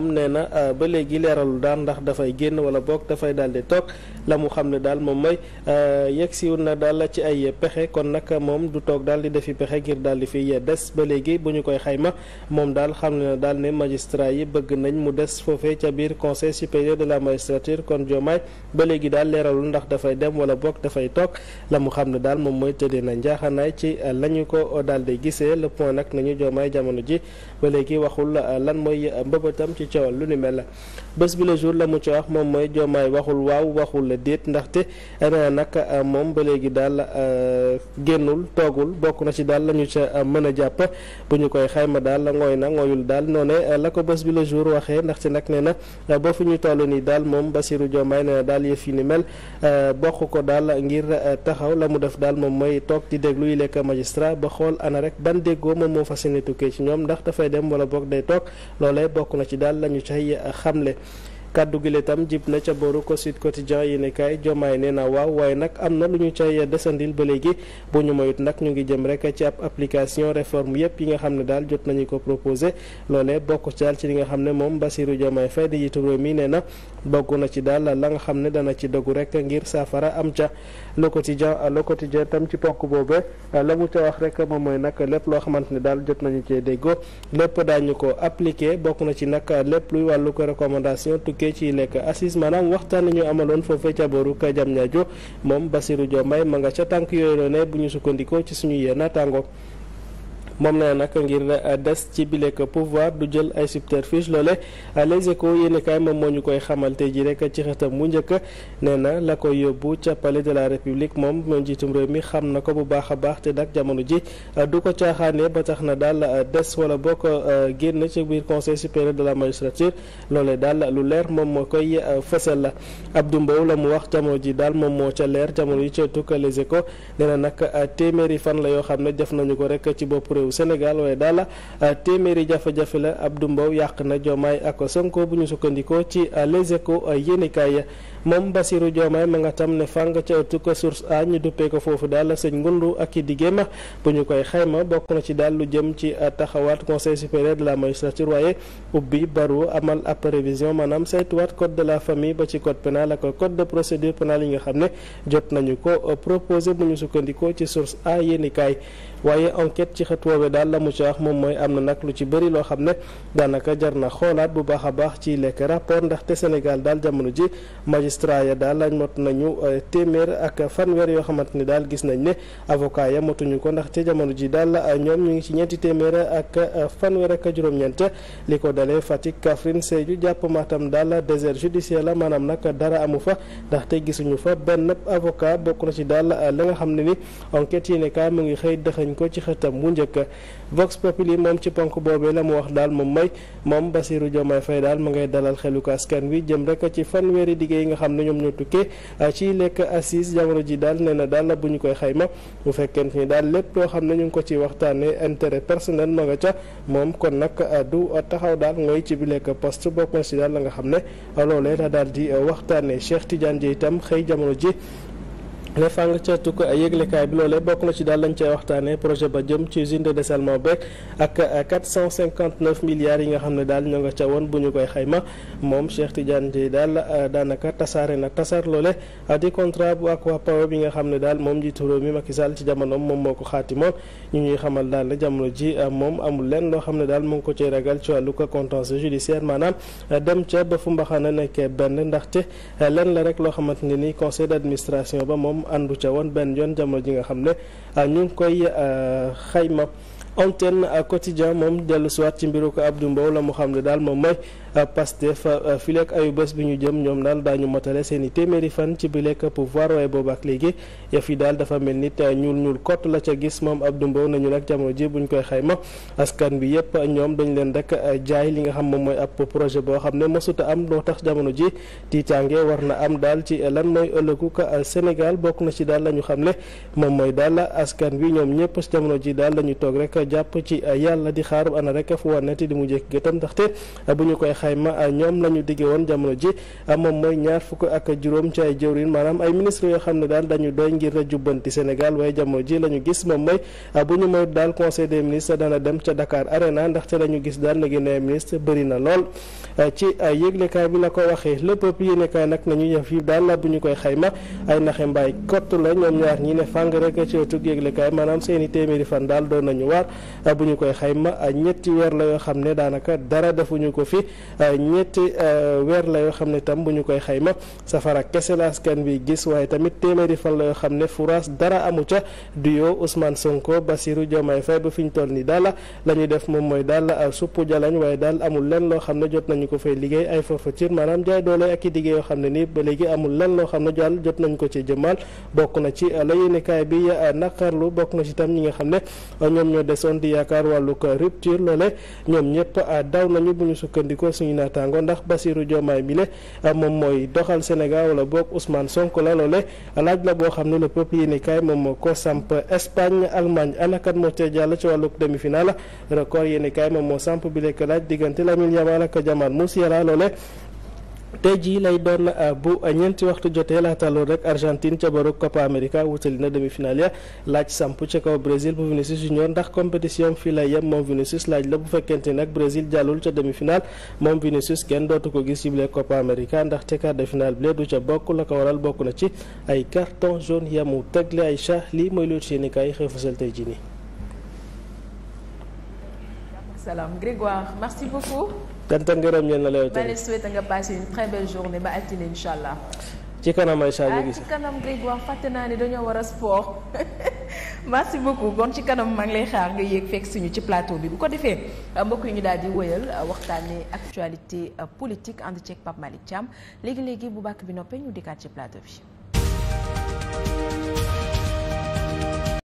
moom nee na euh, ba léegi leeralul daal ndax dafay génn wala boog dafay daal di toog la mu xam ne daal moom mooy euh, yegg siwul na daal ci ay pexe kon nag moom du toog daal di defi pexe ngir daal di fi des ba léegi bu ñu koy xayma moom daal xam ne daal ne magistrat yi bëgg nañ mu des foofee ca biir conseil supérieur de la magistrature kon Diomaye ba léegi daal leeralul ndax dafay dem wala boog dafay toog la mu xam ne daal moom mooy tëddee na njaaxanaay ci euh, la ñu ko daal di gisee le point nag nañu Diomaye jamono ji léegi waxul lan mooy mbëbëtam ci ci coowal lu ni mel bés bi la jour la mu ci wax moom mooy joomaay waxul waaw waxul la déet ndaxte nee nag moom ba léegi daal euh, génnul toogul bokk na ci daal la ñu ca euh, mën a jàpp bu ñu koy xayma daal ngooy na ngooyul daal noo ne euh, la ko bés bi la jour waxee ndaxte nag nee na ba fi ñu toll nii daal moom Bassirou Diomaye nee na daal yëf yi ni mel bokk ko daal ngir taxaw la mu def daal moom mooy toog di déglu yi lekk magistrat ba xool ana rek ban déggoo moom moo fas yéene tukkee ci ñoom ndax dafay lañu cay xamle kàddu gi itam jib na ca boru ko Sud Quotidien yéenekaay jomaay nee na waaw waaye nag am na lu ñu cay desandil ba léegi bu ñu moyut nag ñu ngi jëm rek ci ab application réforme yi nga xam ne daal jot nañu ko proposé loolee bokk ci daal ci li na ci daal la nga xam ne dana ci dogu rek ngir saafara am ca Le Quotidien Le ci ponk boobe la mu ca wax rek moom mooy nag lépp loo xamante ne daal jot nañu cee déggoo lépp daañu ko appliqué bokk na ci nag lépp luy wàllu tukkee ci lekk assise maanaam waxtaan nañu amaloon foofee ca booru ka jam ñaajo moom Bassirou Diomaye ma nga ca tànk yooyu la ne bu ñu sukkandikoo ci suñu yee naataango moom na nag ngir eh, des ci bilek pouvoir du jël ay subterfuge loole les échos yéen kaay moom moo ñu koy xamal tey ji rek ci xëtam mu njëkk nee na la koy yóbbu ca palais de la république moom moom njiitum réew mi xam na ko bu baax a baax te nag jamono ji eh, du ko caaxaanee ba tax na daal eh, des wala boo ko génn ci biir conseil supérieur de la magistrature loolee daal lu leer moom moo koy fësal la Abdou Mbow la mu wax jamono ji daal moom moo ca leer jamono yi ca tukka les échos nag téeméeri fan la yoo xam ne def nañu ko rek ci bopp réew Sénégal waaye daala euh, téeméeri jafe-jafe la Abdou Mbow yàq na Diomaye ak Sonko ñu sukkandikoo ci euh, Les Échos euh, yéenekaay moom Bassirou Diomaye ma nga tam ne fàng ca ëttu ko source a foofu daal sëñ ngundu ak i diggéem bu ñu koy xayma bokk na ci daal lu jëm ci taxawaat conseil supérieur de la magistrature waaye ubbi baru amal ab révision maanaam saytuwaat code de la famille ba ci code pénal ak code de procédure pénale yi nga xam ne jot nañu ko proposé bu ñu sukkandikoo ci source a yéenekaay waaye enquête ci xëtwa boobee daal la mu ci wax moom mooy am na nag lu ci bëri loo xam ne daanaka jar na xoolaat bu baax a baax ci lekk rapport ndaxte Sénégal daal jamono ji magistrat ya daal lañ mot nañu eh, téeméer ak fanweer yoo xamante ni daal gis nañ ne avocat ya motuñu ko ndaxte jamono ji daal eh, ñoom ñu ngi ci ñeenti téeméer ak eh, fanweer ak juróom-ñeent li ko dalee Fatick Kaffrine Sédhiou jàpp Matam daal désert judiciaire la maanaam nag dara amu fa ndax ndaxte gisuñu fa benn avocat bokk na ci daal la nga xam ni enquête yi mu ngi xëy dëxañ ko ci xëtam wu njëkk Vox Populi moom ci ponk boobee la mu wax daal moom may moom Bassirou Diomaye fay daal mu ngay dalal xelu ko askan wi jëm rek ci fanweeri liggéey yi nga xam ne ñoom ñoo tukkee ah, ci lekk assise jamono ji daal nee na daal la bu ñu koy xayma bu fekkente ni daal lépp loo xam ne ñu ngi ko ci waxtaanee intérêt personnel ma nga ca moom kon nag ah, du taxaw daal mooy ci bi lekk poste bokk na si daal la nga xam ne loolee la daal di ah, waxtaanee Cheikh Tidiane Dieye itam xëy jamono ji les fàng ceetu ko yëglekaay bi loolee bokk na ci daal lañ cay waxtaanee projet ba jëm ci usine de dessalement beeg ak 459 milliards yi nga xam ne daal ñoo nga ca woon bu ñu koy xayma moom Cheikh Tidiane Dièye daal euh, daanaka tasaare na tasar loole di contrat bu ak waa bi nga xam ne daal moom njiitu réew mi Macky Sall ci jamono moom moo ko xaatimoon ñu ñuy xamal daal ne jamono ji euh, moom amul lenn loo xam ne daal mu ngi ko cay ragal ci wàllu ko contentieux judiciaire maanaam euh, dem ca ba fu mbaxana nekkee benn ndaxte lenn la rek loo xamante ne ni conseil d'administration ba moom àndu ca woon benn yoon jamono ji nga xam ne ah, ñu ngi koy ah, xayma antenne euh, quotidien moom dellu siwaat ci mbiru ko Abdou Mbow la mu xam ne daal moom mooy euh, Pastef euh, fileek ayu bés bi ñu jëm ñoom daal daañu motale seen i téeméeri fan ci bileek pouvoir waaye boobu ak léegi yëf yi daal dafa mel nit ñuul ñuul kott la ca gis moom Abdou Mbow nañu nag jamono ji buñ koy xayma askan bi yëpp ñoom dañ leen rek jaay li nga xam moom mooy ab projet boo xam ne mësuta am loo tax jamono ji tiitaange war na am daal ci lan mooy ëllëgu ko Sénégal bokk na ci daal la ñu xam ne moom mooy daal askan bi ñoom ñëpp jamono ji daal la toog rek jàpp ci yàlla di xaarub ana rek fu wànnati di mu jëkk gëtam ndaxte bu ñu koy xayma ñoom la ñu digge woon jamono ji moom mooy ñaar fukk ak juróom ci ay jëwriñ maanaam ay ministre yoo xam ne daal dañu doy ngir jubbanti Sénégal waaye jamono ji la ñu gis moom mooy bu ñu moy daal conseil des ministres dana dem ca Dakar Arena ndaxte la ñu gis daal léegi ne ministre bëri na lool ci yëglekaay bi la ko waxee le peuple yéenekaay nag nañu yëf yi daal bu ñu koy xayma ay naxe mbaay kott la ñoom ñaar ñi ne fàng rek ci ëttug yëglekaay maanaam seeni téeméeri fan daal doon nañu Euh, bu ñu koy xayma euh, ñetti weer la yoo xam ne daanaka dara defuñu ko fi euh, ñetti weer la yoo xam ne tam bu ñu koy xayma safara kese la bi gis waaye tamit téeméeri fan la yoo xam ne furaas dara amu ca du yoo Ousmane Sonko Bassirou Diomaye Faye ba fi ñu toll nii daal la ñuy def moom mooy daal suppu jalañ waaye daal amul lenn loo xam ne jot nañu ko fay liggéey ay forfaiture maanaam jaay doole ak i liggéey yoo xam ne nii ba léegi amul lenn loo xam ne jot nañ ko ci jëmmal bokk na ci la yéenekaay bi naqarlu bokk na ci tam ñi nga xam ne ñoom ñoo des personnes di yaakaar wàllug rupture loole ñoom ñëpp ah, daw nañu bu ñu sukkandikoo suñu naataango ndax Bassirou Diomaye bi la ah, moom mooy doxal Sénégal wala boog Ousmane sonk la loole laaj la boo xam ne le peuple yi ni moom moo ko samp Espagne Allemagne anakat moo ca jàll ci wàllug demi-finale record yéeni kaay moom moo samp bi lekk laaj diggante Lamine Yamal ak Jamal Musiala loole tey jii lay doon euh, bu ñeenti waxtu jotee laata loolu rek Argentine ca baru Copa America wutali na demi-finale ya laaj samp ca kaw Brésil bu Vinicius Junior ndax compétition fii lay yem moom Vinicius laaj la bu fekkente nag Brésil jàllul ca demi-finale moom Vinicius kenn dootu ko gis ciblé Copa America ndax ca quart de finale bi du ca bokk la ko waral bokk na ci ay carton jaune yamu tegle ay chat lii mooy loolu seen i kaay xëy fësal tey jii nii salaam Grégoire merci beaucoup. cant ak ngërëm ñeen na la yow tamit nga passé une très belle journée ba altine incha allah. ci kanam ay Sadio Guissé ci kanam Grégoire fàtte naa ne dañoo war a sport merci beaucoup kon ci kanam maa ngi lay xaar nga yëg fekk suñu ci plateau bi bu ko defee ah, mbokk yi ñu daal di wëyal ah, waxtaanee actualité ah, politique ànd ceeg Pape Malick Thiam léegi léegi bu bàkk bi noppee ñu dikkaat ci plateau bi.